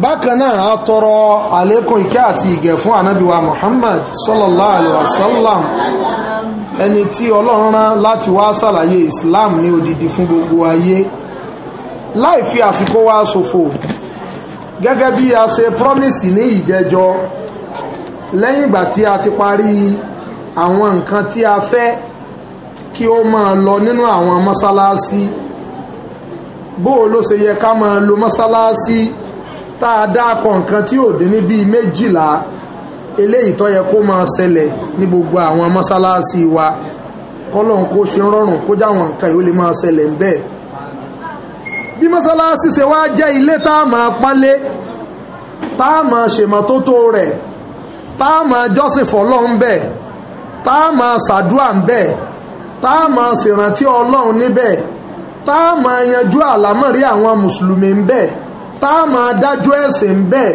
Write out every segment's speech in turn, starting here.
bákan náà a tọrọ àlékún ìkẹ́ àti ìgẹ̀ fún ànábìwa Muhammad sallallahu alaihi wasallam ẹni tí ọlọ́run rán láti wá ṣàlàyé Islam ní odidi fún gbogbo ayé láì fi àsìkò wa ṣòfò gẹ́gẹ́ bí a ṣe promise ní ìjẹjọ lẹ́yìn ìgbà tí a ti parí àwọn nǹkan tí a fẹ́ kí ó máa lọ nínú àwọn mọ́sálásí bóò ló ṣe yẹ ká máa lo mọ́sálásí. Si tá a dákọ̀ nǹkan tí ò dín ní bíi méjìlá eléyìí tó yẹ kó máa ṣẹlẹ̀ ní gbogbo àwọn mọ́sálásí wa kọ́lọ́n kó ṣe rọrùn kó jáwọn nǹkan yìí ó lè máa ṣẹlẹ̀ ń bẹ́ẹ̀ bí mọ́sálásí ṣe wá jẹ́ ilé tá a máa pálé tá a máa ṣèmọ́tótó rẹ̀ tá a máa jọ́sìn fọ́lọ́hun bẹ́ẹ̀ tá a máa ṣàdúrà ń bẹ́ẹ̀ tá a máa ṣèrántí ọlọ́run níbẹ̀ tá a máa yanjú àlámọ̀rí àwọn mùsùlùmí ń bẹ́ẹ̀ tá a máa dájọ́ ẹ̀sìn ń bẹ̀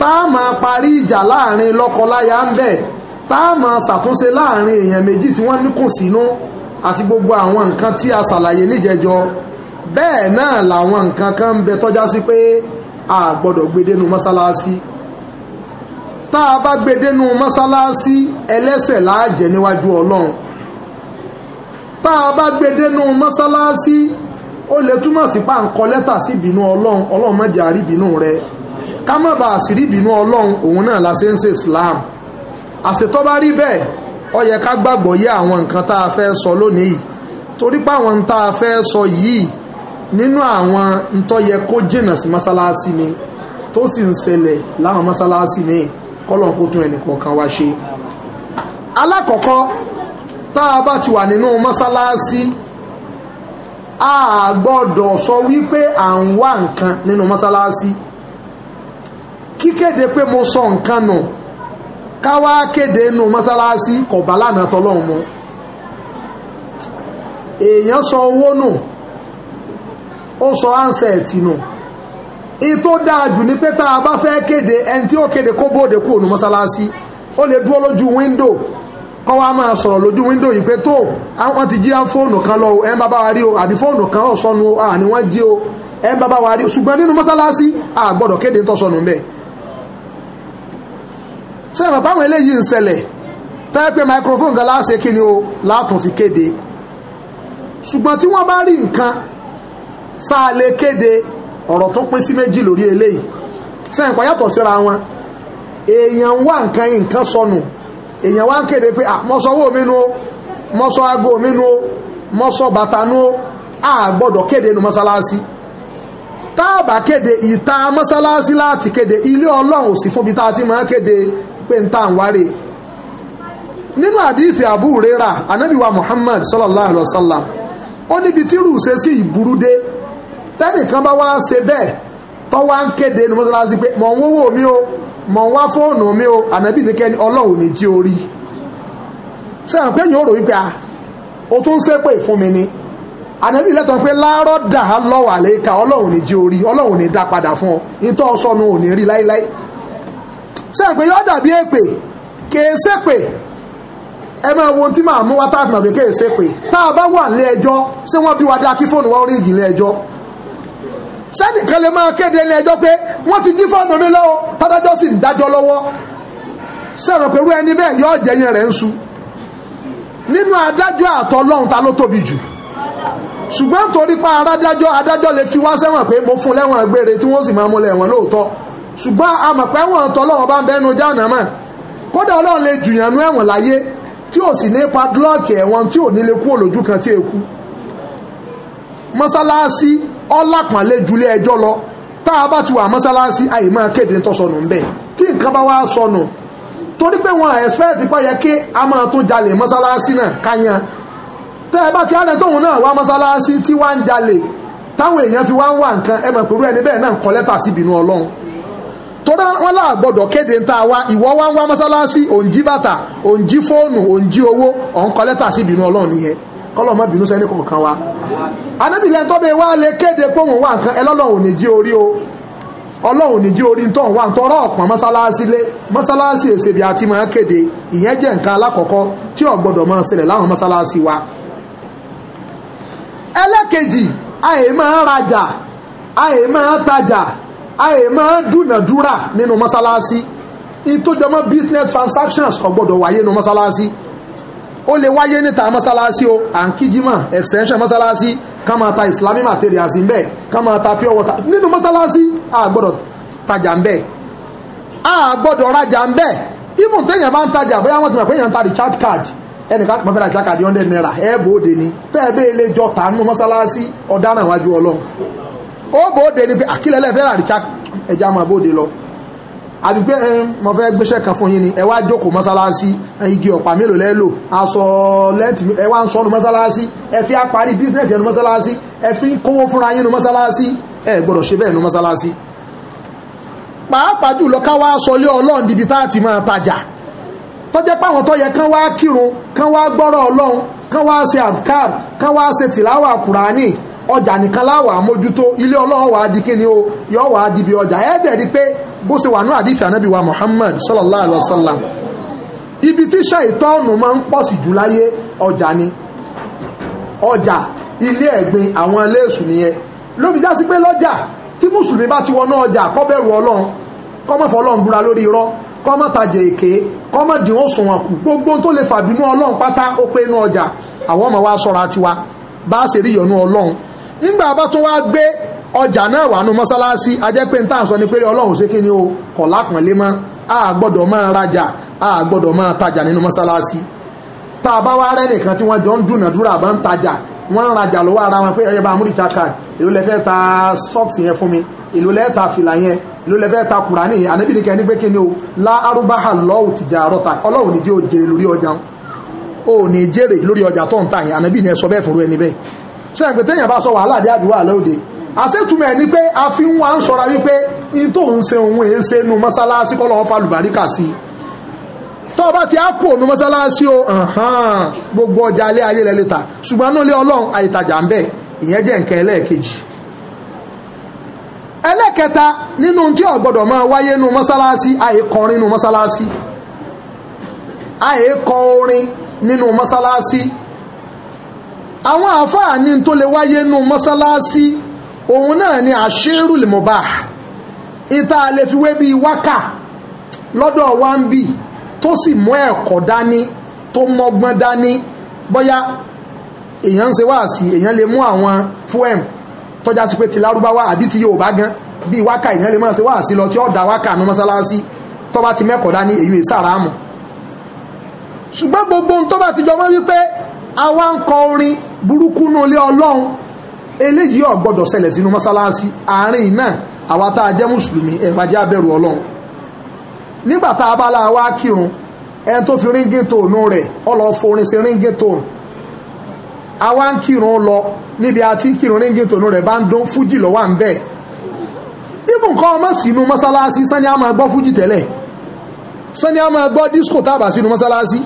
tá a máa parí ìjà láàrin lọ́kọláya ń bẹ̀ tá a máa ṣàtúnṣe láàrin èèyàn méjì tí wọ́n ní kùn sínú àti gbogbo àwọn nǹkan tí a ṣàlàyé níjẹjọ bẹ́ẹ̀ náà làwọn nǹkan kan ń bẹ tọ́já sí pé a gbọ́dọ̀ gbedenu mọ́sálásí tá a bá gbedenu mọ́sálásí ẹlẹ́sẹ̀ láàjẹ́ níwájú ọlọ́run tá a bá gbedenu mọ́sálásí ó lè túmọ̀ sí pa ńkọ lẹ́tà sí ìbínú ọlọ́run ọlọ́run rẹ ká má bàa binu rí ìbínú ọlọ́run la ṣe ń ṣe Islam àṣetọ́ bá rí bẹ́ẹ̀ ọ yẹ ká gbàgbọ́ yé àwọn nǹkan tá a sọ lónìí torí pé àwọn tá a sọ yìí nínú àwọn ntọ́ yẹ kó jìnnà sí mọ́sálásí ni tó sì ń ṣẹlẹ̀ láwọn ni kọ́lọ̀ kó tún ẹnì kọ̀ọ̀kan wá a gbọ́dọ̀ sọ wípé à ń wá nǹkan nínú mọ́sálásí kíkéde pé mo sọ nǹkan nù káwá kéde nínú mọ́sálásí kò bá lánàá tọ́lọ́run mu èèyàn sọ owó nù ó sọ ánsẹ̀ẹ̀tì nù ìtò dáàjù ni pé tá a bá fẹ́ kéde ẹni tí ó kéde kó bóde kúrò nínú mọ́sálásí ó lè dúró lójú wíńdò kọ́ wa máa sọ̀rọ̀ lójú wíńdò yìí pé tó wọ́n ti jí fóònù kan lọ ẹ̀ ń bàbá wa rí o àbí fóònù kan ò sọnù o àní wọ́n jí o ẹ̀ ń bàbá wa rí o ṣùgbọ́n nínú mọ́sálásí a gbọ́dọ̀ kéde tó sọnù bẹ́ẹ̀. sẹ́yìn báwọn eléyìí ń ṣẹlẹ̀ tẹ́ pé microphone gan láṣẹ kí ni o látún fi kéde ṣùgbọ́n tí wọ́n bá rí nǹkan sáà lè kéde ọ̀rọ̀ tó pín sí méjì lórí eléyìí sẹ́yìn pàyàtọ̀ síra wọn èèyàn wá nǹkan nǹkan sọnù èèyàn wá ń kéde pé àmọ́sọ́wọ́ mi nu o mọ́sọ́ aago mi nu o mọ́sọ́ bàtà nu o a gbọ́dọ̀ kéde nu mọ́sálásí tá a bá kéde ìta mọ́sálásí láti kéde ilé ọlọ́run sì fún bí tá a ti máa kéde pé ń tà ń wárè nínú àdíìsì Abu Huraira anábìwa Muhammad sallallahu alaihi wasallam ó níbi tí rúùsẹ́ sí ìburú dé tẹ́nìkan bá wá ṣe bẹ́ẹ̀ tọwa nkede ń kéde inú mọ́sálásí pé mọ̀ ń wówó mi o mọ̀ ń wá fóònù mi o ànábì ní kẹ́ni ọlọ́run ní pé rò a ah, o tún sépè fún mi ni ànábì lẹ́tọ̀ pé láàárọ̀ dà á lọ́wọ́ àlékà ọlọ́run ní tí o fún ọ sọnù rí láíláí pé dàbí èpè kèé sépè ẹ máa wo tí màá mú wá táàfin sépè tá a bá wà lé ẹjọ́ sẹ́nìkan lè máa kéde ní ẹjọ́ pé wọ́n ti jí fọ́ọ̀nù mi lọ́wọ́ tádájọ́ sì ń dájọ́ lọ́wọ́ sẹ́rọ̀ pẹ̀lú ẹni bẹ́ẹ̀ yọ jẹyìn rẹ̀ ń su nínú adájọ́ àtọlọ́hun ta ló tóbi jù ṣùgbọ́n torí pa adájọ́ adájọ́ lè fi wá sẹ́wọ̀n pé mo fún lẹ́wọ̀n gbére tí wọ́n sì máa mú lẹ́wọ̀n lóòótọ́ ṣùgbọ́n amọ̀pẹ́ wọn tọlọ́hun bá ń bẹ́nu jáàná mọ̀ kódà ọlọ́run lè jùyànú ẹ̀wọ̀n láyé tí ò sì ní padlọ́ọ̀kì ẹ̀wọ̀n tí ò ní lè kú òlójú kan tí èkú mọ́sálásí ọlápàlẹ́ julé ẹjọ́ lọ tá a bá ti wà mọ́sálásí àyè máa kéde tí nǹkan bá wá sọnù torí pé wọn ẹ̀sìpẹ́ẹ̀tì yẹ kí a máa tún jalè náà káyan tẹ́ ẹ bá ti náà wá mọ́sálásí tí wá ń jalè táwọn èèyàn fi ń wà nǹkan ẹ ẹni bẹ́ẹ̀ náà ń sí ọlọ́run torí wọn là ta ìwọ wá wá òǹjí kọ́lọ̀ má bínú sẹ́ni kọ̀ọ̀kan wa anábì lẹ́ni tó bẹ wá lè kéde pòun wà nǹkan ẹlọ́lọ́run ò ní jí orí o ọlọ́run ní jí orí ń tọ̀hún wà ń tọrọ ọ̀pọ̀ mọ́sálásí lé mọ́sálásí èsèbí àti máa kéde ìyẹn jẹ́ nǹkan alákọ̀ọ́kọ́ tí ò gbọ́dọ̀ máa ṣẹlẹ̀ láwọn mọ́sálásí wa ẹlẹ́kejì àyè máa rajà àyè máa tajà àyè máa dúnàdúrà nínú mọ́sálásí ìtòjọmọ́ business transactions ò gbọ́dọ̀ wáyé nínú mọ́sálásí ó lè wáyé níta mọ́sálásí o àǹkíjímà extension mọ́sálásí ká máa ta islamic materials ń bẹ̀ ká máa ta pure water nínú mọ́sálásí a gbọ́dọ̀ tajà ń bẹ̀ a gbọ́dọ̀ rajà ń bẹ̀ even téèyàn bá ń tajà bóyá wọ́n ti mọ̀ pé èèyàn ń ta recharge card ẹnìkan mọ̀ fẹ́ ra recharge card hundred naira ẹ̀ bòde ni tẹ́ ẹ bẹ́ẹ̀ lè jọ tà nínú mọ́sálásí ọ̀daràn wájú ọlọ́run ó bòde ni pé àkílẹ̀ lẹ́ẹ̀ fẹ́ ra recharge ẹja máa bòde lọ àbí pé ẹ eh, mọ̀ fẹ́ gbéṣẹ́ kan fún yín ni ẹ wá jókòó mọ́sálásí igi ọ̀pá mélòó lẹ́lò aṣọ lẹ́ǹtì ẹ wá ń sọ nu mọ́sálásí ẹ fi àparí bísínẹ́sì ẹnu mọ́sálásí ẹ fi kówó fúnra yín nu mọ́sálásí ẹ gbọ́dọ̀ ṣe bẹ́ẹ̀ nu mọ́sálásí. pàápàá jùlọ ká wá sọ lé ọlọ́run níbi tá a ti máa tajà tó páwọn tó yẹ kán wá kírun kán wá gbọ́rọ̀ ọlọ́run ọjà nìkan láwà mójútó ilé ọlọ́run wàá di kíni o yọ wàá di bí ọjà ẹ̀ẹ́dẹ̀ rí pé bó ṣe wà ní àdìfẹ́ ànábì wa Muhammad sallallahu alayhi wa sallam ibi tí ṣàìtọ́ọ̀nù máa ń pọ̀ sí jù láyé ọjà ni ọjà ilé ẹ̀gbin àwọn ilé èṣù nìyẹn ló fi já sí pé lọ́jà tí mùsùlùmí bá ti wọnú ọjà kó bẹ̀rù ọlọ́run kó má búra lórí irọ́ kó má tajà èké kó má kù gbogbo tó lè fàbínú ọlọ́run pátá ó pé inú ọjà àwọn ọmọ wa sọ̀rọ̀ àtiwa bá a ṣe rí ìyọnu ọlọ́run nígbà bá tó wá gbé ọjà náà wà nù mọ́sálásí ajẹ́ pé n tá à ń sọ ni pé ọlọ́run ṣe kí ni o kọ̀ lápọ̀nlé mọ́ a gbọ́dọ̀ máa rajà a gbọ́dọ̀ máa tajà nínú mọ́sálásí tá a bá wá rẹ́ nìkan tí wọ́n jọ ń dùnàdúrà bá ń tajà wọ́n ń rajà lọ́wọ́ ara wọn pé ẹyẹ bá múrìjà card èló lẹ ta socks yẹn fún mi èló lẹ ta fìlà yẹn èló lẹ ta kùránì yẹn ànábì nìkan ní pé kí ni o la arúbáhà lọ́wọ́ tìjà àrọ́ta ọlọ́run ní jẹ́ ó jèrè lórí ọjà ó ní jèrè lórí ọjà tó ń ta yẹn ànábì ní ẹ sọ bẹ́ẹ̀ fòrò ẹni bẹ́ẹ̀ sẹ́yìn pé téèyàn bá sọ wàhálà dé àdúrà lóde àṣetumọ̀ ẹ̀ ni pé a fi ń wá ń sọra wípé in tó ń ṣe òun èé ṣe nu mọ́sálásí kọ́ lọ́wọ́ falùbáríkà sí i tó o bá ti á kò nu mọ́sálásí o gbogbo ọjà alẹ́ ayé rẹ̀ lè ta ṣùgbọ́n náà lé ọlọ́run àìtajà ń bẹ̀ ìyẹn jẹ́ nǹkan ẹlẹ́ẹ̀kejì ẹlẹ́kẹta nínú tí ò gbọ́dọ̀ máa wáyé nu mọ́sálásí àìkọrin nu mọ́sálásí àìkọ orin nínú mọ́sálásí àwọn àfáà ní tó lè wáyé nu mọ́sálásí òun náà ni àṣírù lèmọ̀bá ìta lè fi wé bíi wákà lọ́dọ̀ wa ń bì tó sì mú ẹ̀kọ́ dání tó mọ́gbọ́n dání bóyá èèyàn ń ṣe wáàsí èèyàn lè mú àwọn fúẹ̀m tọ́já sí pé ti lárúbáwá àbí ti Yorùbá gan bíi wákà èèyàn lè máa ṣe wáàsí lọ tí ó da wákà ní mọ́sálásí tó bá ti mẹ́kọ̀ọ́ dání èyí è sára mọ̀ ṣùgbọ́n gbogbo ohun tó bá ti jọmọ́ wípé àwa ń kọ orin burúkú nulẹ̀ Ọlọ́run eléyìí ò gbọ́dọ̀ ṣẹlẹ̀ sínú mọ́sálásí àárín náà àwa tá a jẹ́ mùsùlùmí ẹ̀rọ ajé abẹ́rù ọlọ́run nígbà tá a bá la wá kírun ẹni tó fi ríngì tóònù rẹ̀ ọ lọ forin sí ríngì tóònù àwa ń kírun lọ níbi àti kírun ríngì tóònù rẹ̀ bá ń dún fújì lọ́wọ́ à ń bẹ́ẹ̀ ibùn kọ́ ọmọ sínú mọ́sálásí sani a máa gbọ́ fújì tẹ́lẹ̀ sani a máa gbọ́ disco tábà sínú mọ́sálásí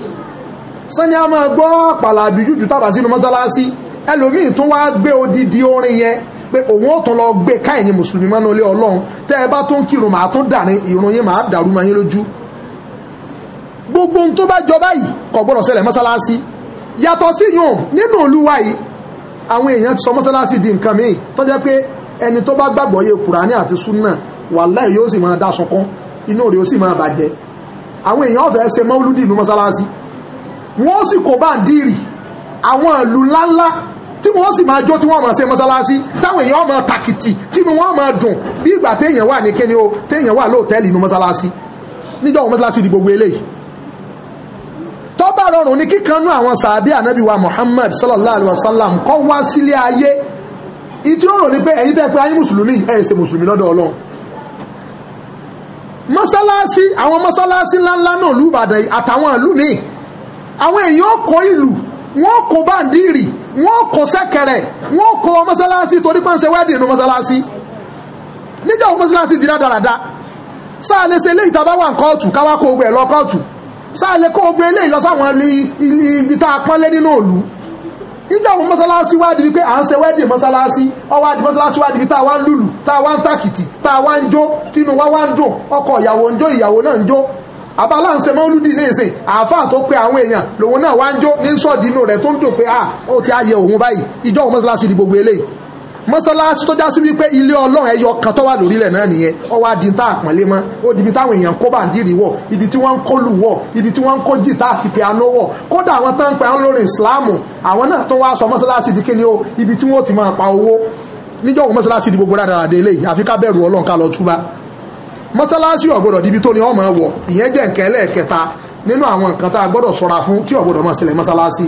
sani a máa gbọ́ pàlàbí jújù tábà sínú mọ́sálásí ẹlòmíì tó wá gbé odidi orin yẹn pé òun ò tọ́ lọ gbé ká ẹ̀yin mùsùlùmí mọ́nú ilé ọlọ́run tẹ́ ẹ bá tó ń kírun màá tún dàrin ìrun yín màá dàrú mọ́ yín lójú gbogbo ohun tó bá jọ báyìí kò gbọ́dọ̀ ṣẹlẹ̀ mọ́sálásí yàtọ̀ sí yùn nínú olúwa yìí àwọn èèyàn ti sọ mọ́sálásí di nǹkan míì tó jẹ́ pé ẹni tó bá gbàgbọ́ yé kùránì àti súnà wàláì yóò sì máa dáṣọ kán inú rẹ̀ ó sì máa bàjẹ́ àwọn èèyàn ọ̀fẹ́ ṣe mọ́lúdì inú mọ́sálásí wọ́n sì kó bá ń dìrì àwọn ìlú ńláńlá tí wọ́n sì máa jó tí wọ́n máa ṣe mọ́sálásí táwọn èèyàn máa tàkìtì tínú wọn máa dùn bí ìgbà téèyàn wà ní kíni o téèyàn wà lóòtẹ́ẹ̀lì inú mọ́sálásí níjọ́ wọn mọ́sálásí di gbogbo eléyìí tó bá rọrùn ní kíkanú àwọn sàábí ànábì wa Muhammad sallallahu alayhi wa sallam kọ́ wá sílé ayé ìtí ó rò ní pé ẹ̀yin tẹ́ pé ayé mùsùlùmí ẹ̀ ṣe mùsùlùmí lọ́dọ̀ Ọlọ́run mọ́sálásí àwọn mọ́sálásí ńláńlá náà lùbàdàn àtàwọn ìlú míì àwọn èèyàn kọ ìlú wọn kò bá ń wọn kò sekere wọ́n kò mọ́sálásí torí pé ń ṣe wẹ́ẹ̀dì inú mọ́sálásí níjà òun mọ́sálásí dìrá dáradá sáà lè ṣe ilé ìtàbá wà kóòtù káwá kó ogun ẹ̀ lọ kóòtù sáà kó ogun eléyìí lọ sáwọn ibi tá a pọ́nlé nínú òlu níjà òun mọ́sálásí wípé à ń ṣe àdì wípé tá a wá ń lùlù tá a wá ń tàkìtì tá a wá ń jó wá ń dùn ọkọ ìyàwó ń jó ìyàwó náà abala ń ṣe mọ́lúdì ní ìsìn àáfàá tó pe àwọn èèyàn lòun náà wá ń jó ní sọ́ọ̀dì inú rẹ̀ tó ń dùn pé à ah, ó ti ayẹ òun báyìí ìjọ òun mọ́sálásí di gbogbo eléyìí mọ́sálásí tó já sí wípé ilé ọlọ́run ẹyọ kan tó wà lórílẹ̀ náà nìyẹn ó wá di tá àpọ́nlé mọ́ ó di ibi táwọn èèyàn kó bàǹdìrì wọ̀ ibi tí wọ́n ń kó lù wọ̀ ibi tí wọ́n ń kó jìtá àti piano wọ̀ kódà àwọn tó ń pa lórí ìsìláàmù àwọn náà tó wá sọ mọ́sálásí di kíni o ibi tí wọ́n ti máa pa owó níjọ́ òun mọ́sálásí di gbogbo dáadáa délé àfi ká bẹ̀rù ọlọ́run ká lọ túbá mọ́sálásí ọ̀gbọ́dọ̀ dibi tó ní ọmọ wọ̀ ìyẹn jẹ́ nǹkan ẹlẹ́ẹ̀kẹta nínú àwọn nǹkan tá a gbọ́dọ̀ sọ́ra fún tí ọ̀gbọ́dọ̀ máa ṣẹlẹ̀ mọ́sálásí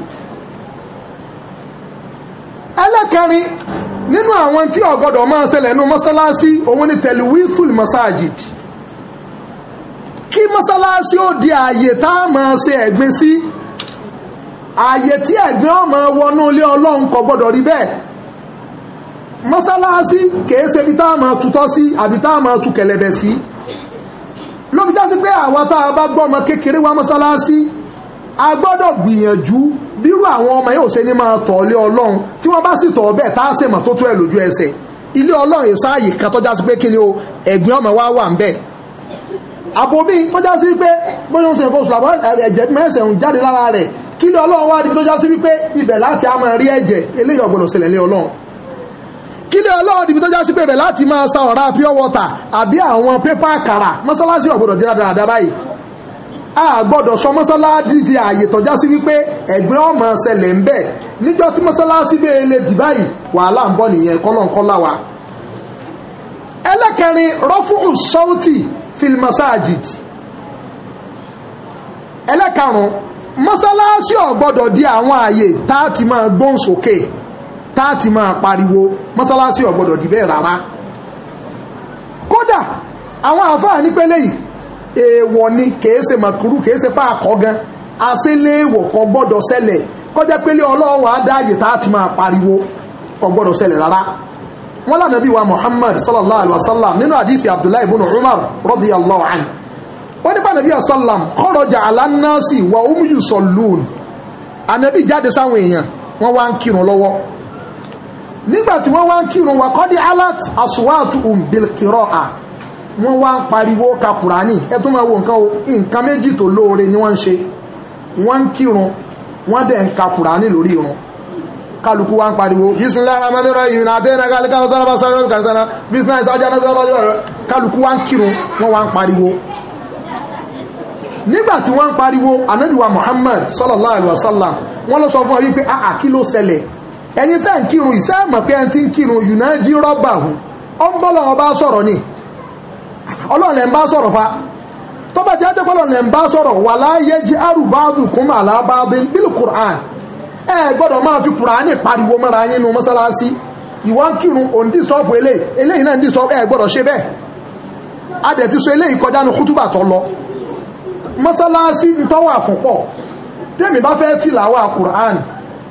ẹlẹ́kẹrin nínú àwọn tí ọ̀gbọ́dọ̀ máa ṣẹlẹ̀ nínú mọ́sálásí òun ni tẹ̀lúwífùl masajid kí mọ́sálásí ó di ààyè tá a máa ṣe ẹ̀gbin sí ààyè tí ẹ̀gbin ọmọ wọnú ilé ọlọ́run kò gbọ́dọ̀ rí bẹ́ẹ̀ mọ́sálásí kèé ṣe bí tá a máa tutọ́ sí àbí tá a máa tu kẹ̀lẹ̀bẹ̀ sí. Si ló fi já sí pé àwa tá a bá gbọ́mọ kékeré wá mọ́sálásí a gbọ́dọ̀ gbìyànjú bírú àwọn ọmọ yóò ṣe ní máa tọ̀lé ọlọ́run tí wọ́n bá sì tọ̀ bẹ́ẹ̀ tá a ṣe mọ̀ tó tó ẹ̀ lójú ẹsẹ̀ ilé ọlọ́run yìí sáàyè kan tọ́já sí pé kí ni o ẹ̀gbìn ọmọ wa wà ń bẹ̀ àbòmí tọ́já sí pé bóyá ń sìn kó sùlàbọ̀ ẹ̀jẹ̀ mẹ́sẹ̀ ń jáde lára rẹ̀ kí ilé ọlọ́run wá di tọ́já sí wípé ibẹ̀ láti á máa rí ẹ̀jẹ̀ eléyìí ọ̀gbọ̀nọ̀ ṣẹlẹ̀ ní ọlọ́run ilé ọlọ́run níbi tó já sí pé bẹ̀ láti máa sa ọ̀rá pure water àbí àwọn pépà àkàrà mọ́sálásí ọ̀gbọ́dọ̀ jẹ́ dáadáa báyìí a gbọ́dọ̀ sọ mọ́sálásí ti ààyè tọ́já sí wípé ẹ̀gbẹ́ ọmọ ṣẹlẹ̀ ń bẹ̀ níjọ́ tí mọ́sálásí bẹ́ẹ̀ lè dì báyìí wàhálà ń bọ̀ nìyẹn kọ́lọ́nkọ́lá wa. ẹlẹ́kẹrin rọ́fùn sọ́ọ̀tì fílmọ́sáàjìdì ẹlẹ́karùn-ún mọ́sálásí ọ̀gbọ́dọ̀ di àwọn ààyè tá a ti máa gbóhùn sókè. Okay táàtì máa pariwo mọ́sálásí ọ̀gbọ́dọ̀ dìbẹ́ rárá kódà àwọn àfáà ní pẹ́lẹ́ yìí èèwọ̀ ni kìí ṣe màkúrú kìí ṣe páàkọ́ gan aṣẹ́léèwọ̀ kò gbọ́dọ̀ ṣẹlẹ̀ kọjá pélé ọlọ́run adáyè táàtì máa pariwo kò ṣẹlẹ̀ rárá wọn lànà wa Muhammad sallallahu alaihi wa sallam nínú àdìsí Abdullahi ibn Umar radi anhu ó alánàásì wà ànàbí jáde sáwọn èèyàn wá ń kírun nígbà tí wọ́n wá ń kírun wà kọ́dí alat aswatu umbilkiro a wọ́n wá ń pariwo ka kùránì ẹ tún máa wo nǹkan o nǹkan méjì tó lóore ni wọ́n ń ṣe wọ́n ń kírun wọ́n dẹ̀ ń ka kùránì lórí irun kálukú wá ń pariwo bisimilayi aramadera yìí náà àtẹ́yìn náà káwọn sára bá sára bá sára bisimilayi sájà náà sára bá sára kálukú wá ń kírun wọ́n wá ń pariwo nígbà wọ́n ń pariwo anabiwa Muhammad sallallahu alaihi wa sallam wọ́n lọ sọ fún ọ wípé a kí ló ṣẹlẹ̀ ẹ̀yin tẹ́ ń kírun ìsáàmọ̀ pé ẹni tí ń kírun yùnájí rọ́bà ọ ń bọ́lọ̀ ọba sọ̀rọ̀ ni ọlọ́run ẹ̀ ń bá sọ̀rọ̀ fa tó bá ti ájẹ́pọ̀ ọlọ́run ẹ̀ ń bá sọ̀rọ̀ wà láyé jí arúbáàdù kún àlábáàdù bílù kùrán ẹ gbọ́dọ̀ máa fi kùránì pariwo mọ́ra yín nu mọ́sálásí ìwọ́n kírun òun eléyìí náà ẹ gbọ́dọ̀ ṣe bẹ́ẹ̀ adẹ̀ ti sọ eléyìí kọjá nu kútúbà lọ mọ́sálásí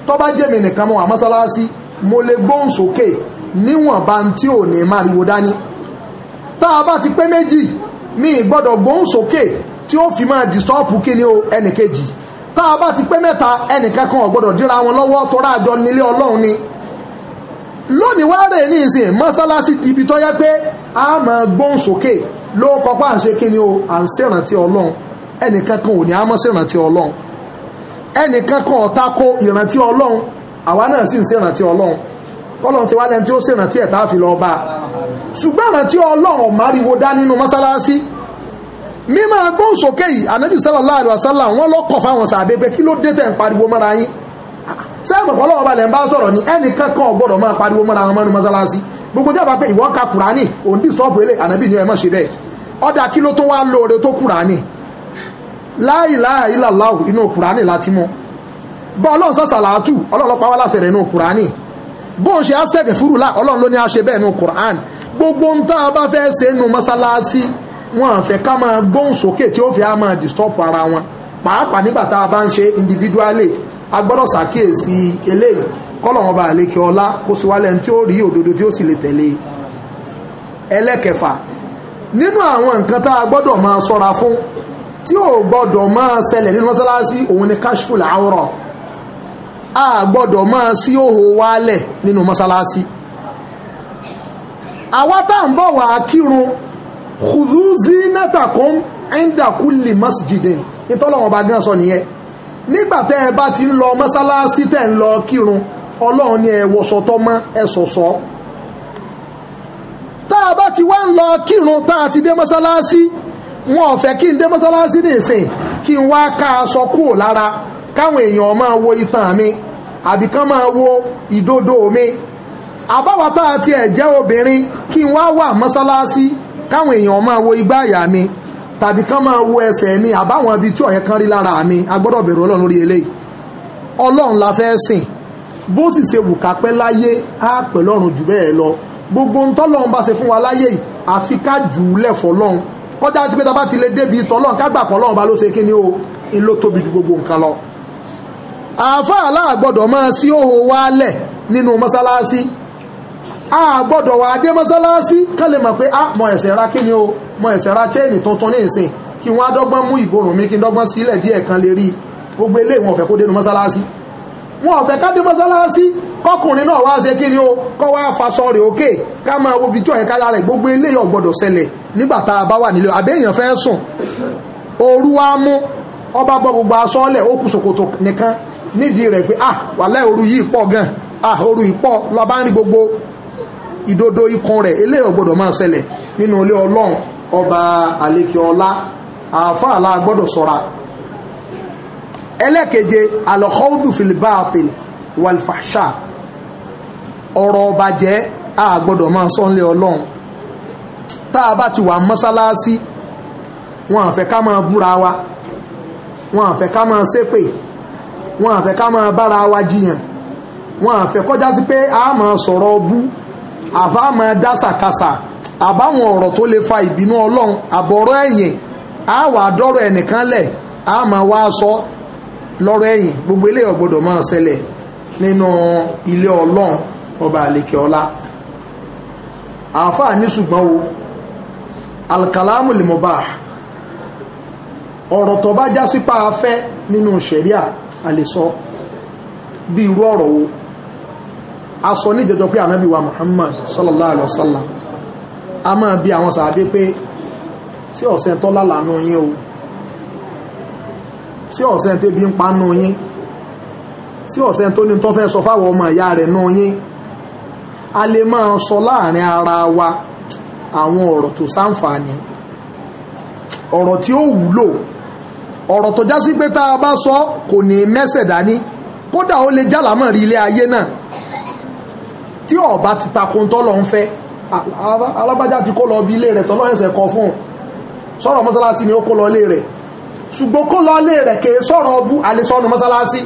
tó bá jẹ́ mi nìkan mo wà mọ́sálásí mo lè gbóhùn sókè níwọ̀n bá ń tí ò ní máa riwo dání tá a bá ti pé méjì mi gbọ́dọ̀ gbóhùn sókè tí ó fi máa dìstọ́ọ̀pù kíni o ẹnìkejì tá a bá ti pé mẹ́ta ẹnìkan kan ò gbọ́dọ̀ wọn lọ́wọ́ tọ́ra àjọ nílé ọlọ́run ni lónìí wá rè ní ìsìn mọ́sálásí ti ibi tó yẹ pé a máa gbóhùn sókè ló kọ́pá à ń ṣe kíni à ń ṣèrántí ọlọ́run ẹnìkan kan ò ní a máa ṣèrántí ọlọ́run ẹnìkan kan ọ̀tá kó ìrántí ọlọ́run àwa náà sì ń ṣe ìrántí ọlọ́run kọ́lọ́n ṣe wá lẹ́ni tí ó ṣèrántí ẹ̀ tá a fi lọ bá a ṣùgbọ́n ìrántí ọlọ́run máriwo dá nínú mọ́sálásí mímọ́ agbóhùn sókè yìí ànábì sallallahu alaihi wasallam wọ́n lọ́kọ̀ fáwọn sàbẹ̀ pé kí ló dé tẹ̀ ń pariwo mọ́ra yín sẹ́ẹ̀mọ̀ pọ́lọ́wọ́ balẹ̀ ń bá sọ̀rọ̀ ni ẹnìkan láìláà ìlàláà inú kùránì láti mọ́ bọ́ ọlọ́run sàṣàlátù ọlọ́run pa wá láṣẹ rẹ̀ inú kùránì bó ń ṣe àṣẹ̀gẹ̀ fúrù lá ọlọ́run ló ní a ṣe bẹ́ẹ̀ inú kùránì gbogbo ń tá a bá fẹ́ ṣe inú mọ́sálásí wọn àfẹ́ ká máa gbóhùn sókè tí ó fi á máa disturb ara wọn pàápàá nígbà tá a bá ń ṣe individually a gbọ́dọ̀ ṣàkíyèsí eléyìí kọ́lọ̀wọ́n bá àlékè ọlá kó sì wálẹ̀ tí ó rí òdodo tí ó sì lè tẹ̀lé ẹlẹ́kẹfà nínú àwọn nǹkan tá a gbọ́dọ̀ máa ṣọ́ra fún tí ò gbọ́dọ̀ máa ṣẹlẹ̀ nínú mọ́sálásí òun ni kashful awra a gbọ́dọ̀ máa sí òhò wálẹ̀ nínú mọ́sálásí àwa tá ń bọ̀ wá kírun khudhu zinatakum inda kulli masjidin ìtọ́lọ́wọ̀n bá gán sọ nìyẹn nígbàtẹ́ ẹ bá ti ń lọ mọ́sálásí tẹ́ ń lọ kírun ọlọ́run ni ẹ wọṣọ tó ẹ ṣọ̀ṣọ́ tá a bá ti wá ń lọ kírun tá a ti dé mọ́sálásí wọn ò fẹ́ kí n dé mọ́sálásí ní ìsìn kí n wá ká aṣọ kúrò lára káwọn èèyàn máa wo itan mi àbí kán máa wo ìdodo mi àbáwátá àti ẹ̀jẹ̀ obìnrin kí n wá wà mọ́sálásí káwọn èèyàn máa wo igbá àyà mi tàbí kán máa wo ẹsẹ̀ mi àbáwọn ibi tí ọ̀yẹ́ kan rí lára mi a gbọ́dọ̀ bẹ̀rù ọlọ́run lórí eléyìí ọlọ́run la fẹ́ sìn bó sì ṣe wù kápẹ́ láyé á pẹ̀lọ́run jù bẹ́ẹ̀ lọ gbogbo ń tọ́lọ́run bá ṣe fún wa láyé yìí àfi ká jù ú lẹ̀fọ́ lọ́run kọjá ti pé tá bá ti lè débi tọ́lọ́n kágbà pọ̀ lọ́wọ́ bá ló ṣe kíni o ló tóbi ju gbogbo nǹkan lọ. àáfà aláàgbọ́dọ̀ máa sí òhò wálẹ̀ nínú mọ́sálásí àgbọ́dọ̀ wà dé mọ́sálásí ká lè mọ̀ pé a ah, mọ ẹ̀sẹ̀ ra kíni o mọ ẹ̀sẹ̀ ra chain tuntun ní ìsìn kí wọ́n á dọ́gbọ́n mú ìborùn mi kí n dọ́gbọ́n sílẹ̀ díẹ̀ kan lè rí gbogbo ilé wọn ọ̀fẹ́ kó dénú mọ́sálásí wọn ọ̀fẹ́ ká dé mọ́sálásí kọkùnrin náà wá ṣe kíni o kọ́ wá faṣọ rẹ̀ òkè ká máa wo bí tí ọ̀yẹ́ká rẹ̀ gbogbo ilé yọ̀ gbọ́dọ̀ ṣẹlẹ̀ nígbà tá a bá wà nílé àbẹ́yàn fẹ́ sùn ooru wa mú ọba bọ́ gbogbo aṣọ ọlẹ̀ ó kù ṣòkòtò nìkan nídìí rẹ̀ pé ah wàláì ooru yìí pọ̀ gan ah ooru yìí pọ̀ lọ́ba ń rí gbogbo ìdodo ikùn rẹ̀ eléyìí gbọ́dọ̀ máa ṣẹlẹ̀ nínú ilé ọlọ́run ọba àlekè ọlá àáfàá la gbọ́dọ̀ ṣọ́ra ẹlẹ́keje alọ́kọ́ọ́dù filibatil wàlfàṣà ọ̀rọ̀ ọbàjẹ́ a gbọ́dọ̀ máa sọ ọlọ́run tá a bá ti wà mọ́sálásí wọn àfẹ́ ká máa búra wa wọn àfẹ́ ká máa ṣépè wọn àfẹ́ ká máa bára wa jiyàn wọn àfẹ́ kọjá sí pé a máa sọ̀rọ̀ bú àfa máa dá sàkàsà àbáwọn ọ̀rọ̀ tó lè fa ìbínú ọlọ́run àbọ̀rọ̀ ẹ̀yìn a wà dọ́rọ̀ ẹnìkan lẹ̀ a máa wá sọ lọ́rọ̀ ẹ̀yìn gbogbo eléyìí ò gbọ́dọ̀ máa ṣẹlẹ̀ nínú ilé ọlọ́run ọba àlekè ọlá ní ṣùgbọ́n o alkalamu limobah ọ̀rọ̀ tó bá já sí pa afẹ́ nínú ṣẹ̀ríà a lè sọ bí irú ọ̀rọ̀ wo a sọ níjẹjọ pé ànábì wa Muhammad sallallahu alaihi wasallam a máa bi àwọn sàábé pé sí ọ̀sẹ̀ tó lálàánú yín o sí ọ̀sẹ̀ tó bí ń panú yín sí ọ̀sẹ̀ tó ní tó fẹ́ sọ fáwọn ọmọ ìyá rẹ̀ nú yín a lè máa sọ láàrin ara wa àwọn ọ̀rọ̀ tó sáǹfààní ọ̀rọ̀ tí ó wúlò ọ̀rọ̀ tó já sí pé tá a bá sọ kò ní mẹ́sẹ̀ dání kódà ó lè jálàmọ̀ rí ilé ayé náà tí ọba ti takun tọ́lọ́ ń fẹ́ alábájá ti kó lọ bí ilé rẹ̀ tọ́lọ́ ẹ̀sẹ̀ kọ fún un sọ̀rọ̀ mọ́sálásí ni ó kó lọ ilé rẹ̀ ṣùgbọ́n kó lọ ilé rẹ̀ kèé sọ̀rọ̀ ọbú alẹ́sọ́nù mọ́sálásí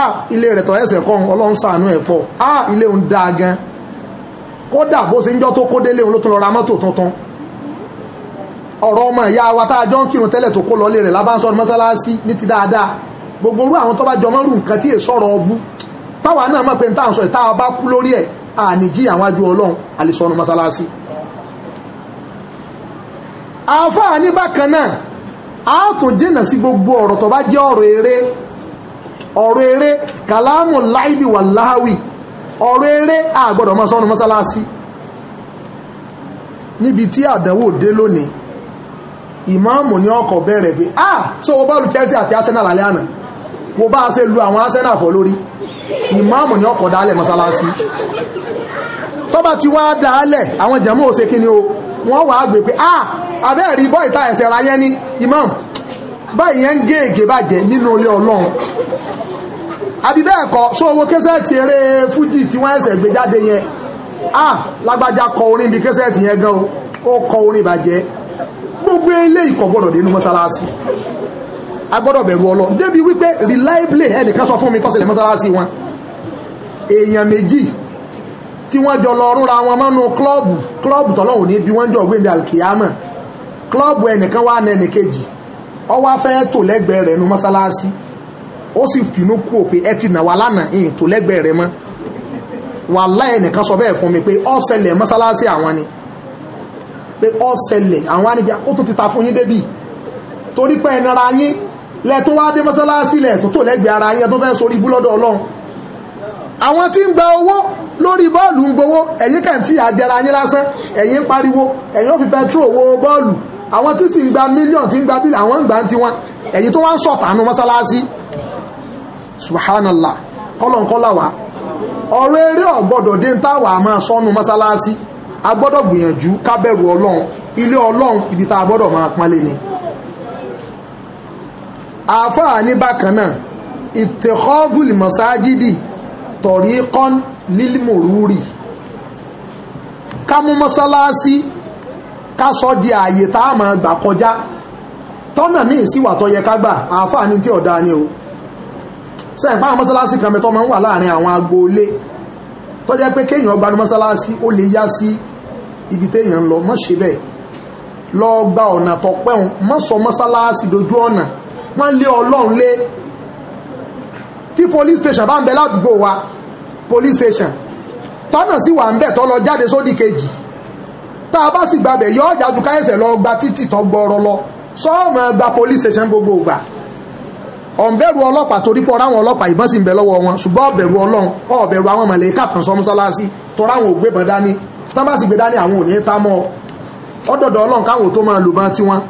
ah ilé rẹ̀ tọ́ ẹ̀sẹ̀ kọ́ ọlọ́run ṣàánú ẹ̀ pọ̀ ah, ilé ń dáa gan-an kódà bó ṣe ń jọ́ tó kó délé òun ló tún lọ ra mọ́tò tuntun ọ̀rọ̀ ọmọ ìyá wa tá a jọ ń kírun tẹ́lẹ̀ tó kó lọlé rẹ̀ lábánsọ́ mọ́sálásí ní ti dáadáa gbogbo orú àwọn tó bá jọmọ́ rù nǹkan tí è sọ̀rọ̀ ọbú táwa náà mọ̀ pé n táwọn sọ ìta ọba kú lórí ẹ̀ àníjí àwọn ajú ọlọ́run àlìsọ́nù mọ́sálásí àáfàá ní bákan náà a tún jìnà sí gbogbo ọ̀rọ̀ tó bá jẹ́ ọ̀rọ̀ eré ọ̀rọ̀ eré kàlámù láìbì wà láhàwì ọ̀rọ̀ eré àgbọ̀dọ̀ máa sọ́nu mọ́sálásí níbi tí àdánwò dé lónìí ìmáàmù ní ọkọ̀ bẹ̀rẹ̀ pé ah so wo bọ́ọ̀lù Chelsea àti Arsenal alẹ́ àná wo bá a ṣe lu àwọn Arsenal fọ́ lórí ìmáàmù ní ọkọ̀ dálẹ̀ mọ́sálásí tọ́ba ti wá dálẹ̀ àwọn jàmọ́ ò ṣe kí ni o wọ́n wà á gbé pé ah abẹ́ẹ̀rí bọ́ ìta ẹ̀sẹ̀ ra yẹn ní imam báyìí yẹn ń gé ègé bàjẹ́ nínú ilé ọlọ́run àbí bẹ́ẹ̀ kọ́ sọ owó kẹsẹ̀tì eré fújì tí wọ́n ẹsẹ̀ gbé jáde yẹn ah lágbájá kọ orin bí kẹsẹ̀tì yẹn gan ó kọ orin ìbàjẹ́ gbogbo eléyìí kò gbọ́dọ̀ dénú mọ́sálásí a gbọ́dọ̀ bẹ̀rù Ọlọ́run débi wípé reliably ẹnìkan sọ fún mi tọ́sílẹ̀ mọ́sálásí wọn èèyàn méjì tí wọ́n jọ lọ rúnra wọn mọ́nú klọ́ọ̀bù klọ́ọ̀bù tọ́lọ́hùn ní bí wọ́n jọ gbéǹde alkiyama klọ́ọ̀bù ẹnìkan wà ní ẹnìkejì ó wá fẹ́ tò lẹ́gbẹ̀ẹ́ rẹ̀ nu mọ́sálásí ó sì pinnu kú ò pé ẹ ti nà wá lánàá ìyìn tó lẹ́gbẹ̀ẹ́ rẹ mọ́ wàláhì ẹnìkan sọ bẹ́ẹ̀ fún mi pé ó ṣẹlẹ̀ mọ́sálásí àwọn ni pé ó ṣẹlẹ̀ àwọn anìbíà ó tún ti ta fún yín débì torí pé ẹnara yín lẹ́tún wá dé mọ́sálásí lẹ́tún tó lẹ́gbẹ̀ẹ́ ara yín ẹtún fẹ́ sórí ibú lọ́dọ̀ ọlọ́run àwọn tí ń gba owó lórí bọ́ọ̀lù ń gbowó ẹ̀yin kàn fi àjẹra yín lásán ẹ̀yin ń pariwo ẹ̀yin ó fi pẹtrol wo bọ́ọ̀lù àwọn tí sì ń gba mílíọ̀n tí ń gba bílíọ̀n àwọn ń gbà ń tiwọn ẹ̀yin tó wá ń sọ̀tànù mọ́sálásí subhanallah kọ́lọ̀nkọ́lá wa ọ̀rọ̀ eré ọ̀gbọ́dọ̀ dé ń táwà máa sọnù mọ́sálásí a gbọ́dọ̀ gbìyànjú kábẹ̀rù ọlọ́run ilé ọlọ́run ibi tá a gbọ́dọ̀ máa pánlé ni àáfàá ní bákan náà ìtẹ̀kọ́ọ̀dùlì mọ̀sájídì tọ̀rí kọ́n lílmùrúrì ká mú mọ́sálásí ká sọ di ààyè tá a máa gbà kọjá tọ́nà míì sì wà tó yẹ ká gbà àáfàá ní tí ọ̀dá ni o ṣe ẹ̀pá àwọn mọ́sálásí kan mẹ́tọ́ máa ń wà láàrin àwọn agboolé tó jẹ́ pé kéèyàn gbanú mọ́sálásí ó lè yá sí ibi téèyàn ń lọ mọ́ ṣe bẹ́ẹ̀ lọ gba ọ̀nà tọ̀pẹ́hùn mọ́ sọ mọ́sálásí dojú ọ̀nà wọ́n lé ọlọ́run lé tí police station bá ń bẹ ládùúgbò wa police station tọ́nà sí wà ń bẹ̀ tọ́ lọ jáde sódì kejì tá a bá sì gbabẹ̀ yọ ọjà ju káyẹ̀sẹ̀ lọ gba títì tó gbọ́ọ̀rọ̀ lọ sọ́ọ̀mù gba police station gbogbo gbà ọ̀nbẹ̀rù ọlọ́pàá torí pọ̀ ráwọn ọlọ́pàá ìbọn sì ń bẹ lọ́wọ́ wọn ṣùgbọ́n ọ̀bẹ̀rù ọlọ́run ọ̀bẹ̀rù àwọn kan sọ mọ́sálásí tó ráwọn ògbé bọ̀ dání bá sì gbé dání àwọn òní tá mọ́ ọdọ̀dọ̀ ọlọ́run káwọn tó máa lò bá tiwọn.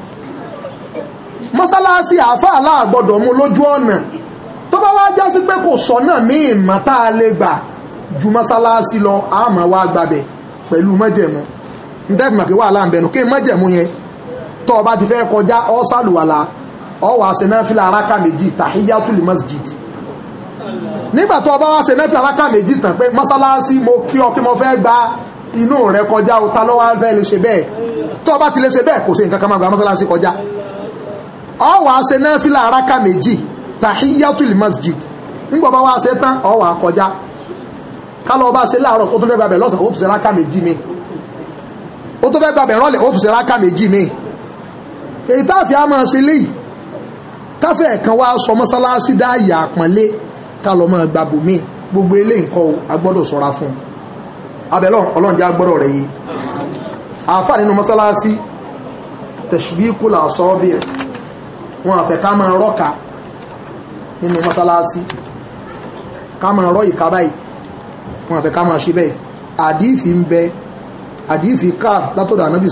mọ́sálásí àáfàá ọ̀nà tó bá wá já pé kò ọ wà ṣe náfìlà aráka méjì tahiyatul masjid nígbà tó bá wá ṣe náfìlà aráka méjì tán pé masalasi mo kí ọ kí mo fẹ́ gba inú rẹ kọjá o ta ló wá fẹ́ lè ṣe bẹ́ẹ̀ tó bá ti lè ṣe bẹ́ẹ̀ kò sí nǹkan kan máa gba mọ́sálásí kọjá ọ wà ṣe náfìlà aráka méjì tahiyatul masjid nígbà bá wá ṣe tán ọ wà kọjá kálọ̀ bá ṣe láàárọ̀ ó tún fẹ́ gbàbẹ̀ lọ́sàn ó tún ṣe ráká méjì mi ó tún fẹ́ gbàbẹ̀ rọ́lẹ̀ ó tún ṣe ráká méjì mi èyí táàfin a máa ṣe léyìí káfẹ́ kan wá sọ mọ́sálásí dáàyè àpọ́nlé ká lọ́ máa gbogbo ilé nǹkan o a sọ́ra fún abẹ́lọ́ ọlọ́njẹ́ agbọ́dọ̀ rẹ̀ yìí àfà nínú mọ́sálásí sọ́ọ́bì wọn àfẹ́ ká máa rọ́ka nínú mọ́sálásí ká máa rọ́ ìka báyìí wọn àfẹ́ ká máa ṣe bẹ́ẹ̀ àdífì ń bẹ àdífì ká látọ̀dọ̀ ànábì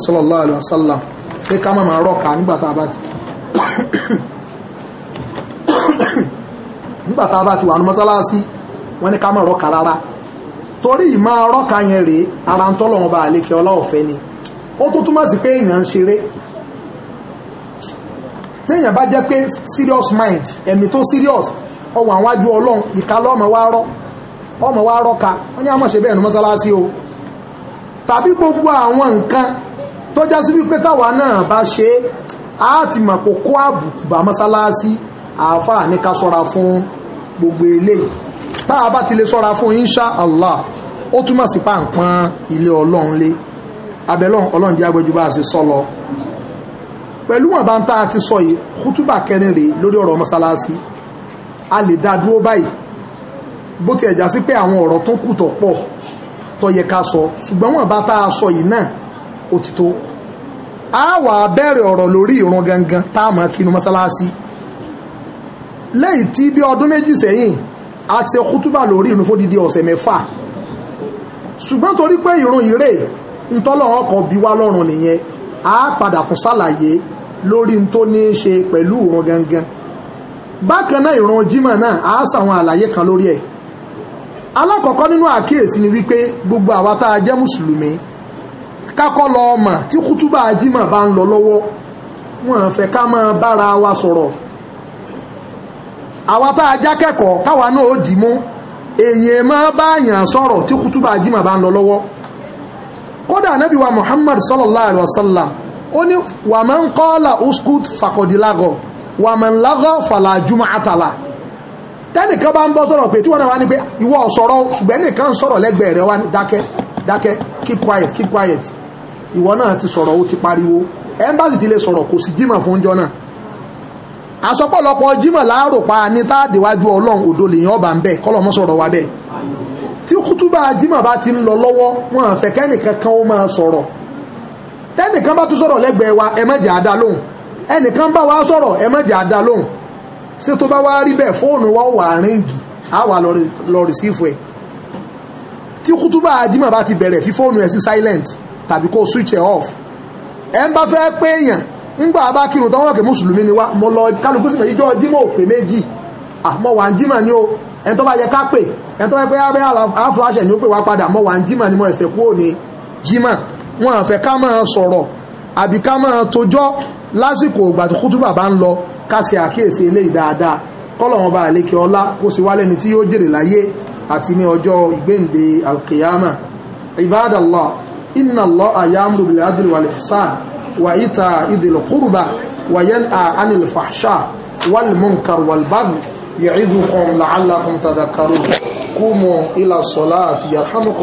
nígbà tá a bá ti wà ní mọ́sálásí wọ́n ní ká má rọ́ka rárá torí ìmọ̀ rọ́ka yẹn rèé ara ń tọ́lọ̀ wọn bá àlékè ọlọ́ọ̀fẹ́ ni ó tó túmọ̀ sí pé èèyàn ń ṣeré téèyàn bá jẹ́ pé serious mind ẹ̀mí tó serious ọwọ́ àwọn ajú ọlọ́run ìka lọ́mọ wá rọ́ ọmọ wá rọ́ka wọ́n ní àmọ́ bẹ́ẹ̀ ní mọ́sálásí o tàbí gbogbo àwọn nǹkan tó já sí wípé táwa náà bá ṣe é a ti mọ̀ pé kó àbùkù bá mọ́sálásí àáfàá ní ká ṣọ́ra fún un gbogbo eléyìí tá a bá ti lè sọ́ra fún insha allah ó túmọ̀ sí pàǹpọ̀n ilé ọlọ́run lé abẹ́lọ́run ọlọ́run jẹ́ agbẹ́jú bá a ṣe sọ lọ pẹ̀lú wọn bá ń tá a ti sọ yìí kútúbà kẹrin rèé lórí ọ̀rọ̀ mọ́sálásí a lè dá dúró báyìí bó ti ẹ̀já sí pé àwọn ọ̀rọ̀ tó kù tó pọ̀ tó yẹ ká sọ ṣùgbọ́n wọn bá tá a sọ yìí náà ó ti a wà bẹ̀rẹ̀ ọ̀rọ̀ lórí ìran gangan tá a mọ́sálásí lẹ́yìn tí bí ọdún méjì sẹ́yìn a ti ṣe kútúbà lórí ìrun fódìdí ọ̀sẹ̀ mẹ́fà ṣùgbọ́n torí pé ìrun ìrè ntọ́lọ́wọ́ kan bí wá lọ́rùn nìyẹn a padà tún ṣàlàyé lórí n tó ní í ṣe pẹ̀lú ìrun gangan bákan náà ìrun jímọ̀ náà a ṣàwọn àlàyé kan lórí ẹ̀ alákọ̀ọ́kọ́ nínú àkíyèsí ni wípé gbogbo àwa tá a jẹ́ mùsùlùmí kákọ́ lọ ọmọ tí kútúbà jímọ̀ bá ń lọ lọ́wọ́ wọn fẹ́ ká máa bára wa sọ̀rọ̀ àwa tá a já kẹ́kọ̀ọ́ káwa náà ó dì mú èèyàn máa bá yàn sọ̀rọ̀ tí kútúbà jímọ̀ bá ń lọ lọ́wọ́ kódà anábì wa Muhammad sallallahu alayhi wa sallam ó ní wà máa ń kọ́ọ́là uskut fakodilago, wà máa ń lágọ̀ fàlàjúmọ̀ àtàlà tẹ́nìkan bá ń bọ́ sọ̀rọ̀ pé tí wọ́n náà wá ní pé ìwọ sọ̀rọ̀ ṣùgbọ́n nìkan sọ̀rọ̀ lẹ́gbẹ̀ẹ́ rẹ̀ wá dákẹ́ dákẹ́ keep quiet keep quiet ìwọ náà ti sọ̀rọ̀ ó ti pariwo ẹ̀ ń bá sì ti lè sọ̀rọ̀ kò sí jímọ̀ fún ọjọ́ náà àsọpọ̀lọpọ̀ jímọ̀ láàrò pa ní táàdìwájú ọlọ́run òdo lèyàn ọba ń bẹ̀ kọ́lọ̀ mọ́ sọ̀rọ̀ wa bẹ́ẹ̀ tí kútúbà jímọ̀ bá ti ń lọ lọ́wọ́ wọn àfẹ́ kẹ́nìkan kan ó máa sọ̀rọ̀ tẹ́nìkan bá tún sọ̀rọ̀ lẹ́gbẹ̀ẹ́ wa ẹ má jẹ́ àdá lóhùn ẹnìkan bá wa sọ̀rọ̀ ẹ má àdá lóhùn ṣé tó bá wá rí bẹ́ẹ̀ fóònù wa wà ríǹgì á wà lọ rìsífù ẹ̀ tí kútúbà jímọ̀ bá ti bẹ̀rẹ̀ fífóònù ẹ̀ sí silent tàbí kó switch ẹ̀ off ẹ ń bá fẹ́ pé èèyàn ńgbà bá kírun tán wọ́n kè mùsùlùmí ni wá mo lọ kálukú sí ìjọ jímọ̀ òpè méjì àmọ́ ah, wà ń jímọ̀ ni o ẹni tó bá yẹ ká pè ẹni tó bá yẹ pé abẹ́ àfọ àṣẹ ni ó pè wá padà mọ́ wà ń jímọ̀ ni mo ẹ̀sẹ̀ kúrò ní jímọ̀ wọn àfẹ́ ká máa sọ̀rọ̀ àbí ká máa tojọ́ lásìkò ìgbà tó kútú bàbá ń lọ ká ṣe àkíyèsí eléyìí dáadáa kọ́lọ̀wọ́n bá àlékè ọlá kó sì wálẹ̀ ní tí yóò jèrè láyé àti ní ọjọ́ ìgbéǹde alkiyama ibadallah inna Allah ayamru bil adli wal ihsan وإيتاء ذي القربى وينأى عن الفحشاء والمنكر والبغي يعظكم لعلكم تذكرون قوموا إلى الصلاة يرحمكم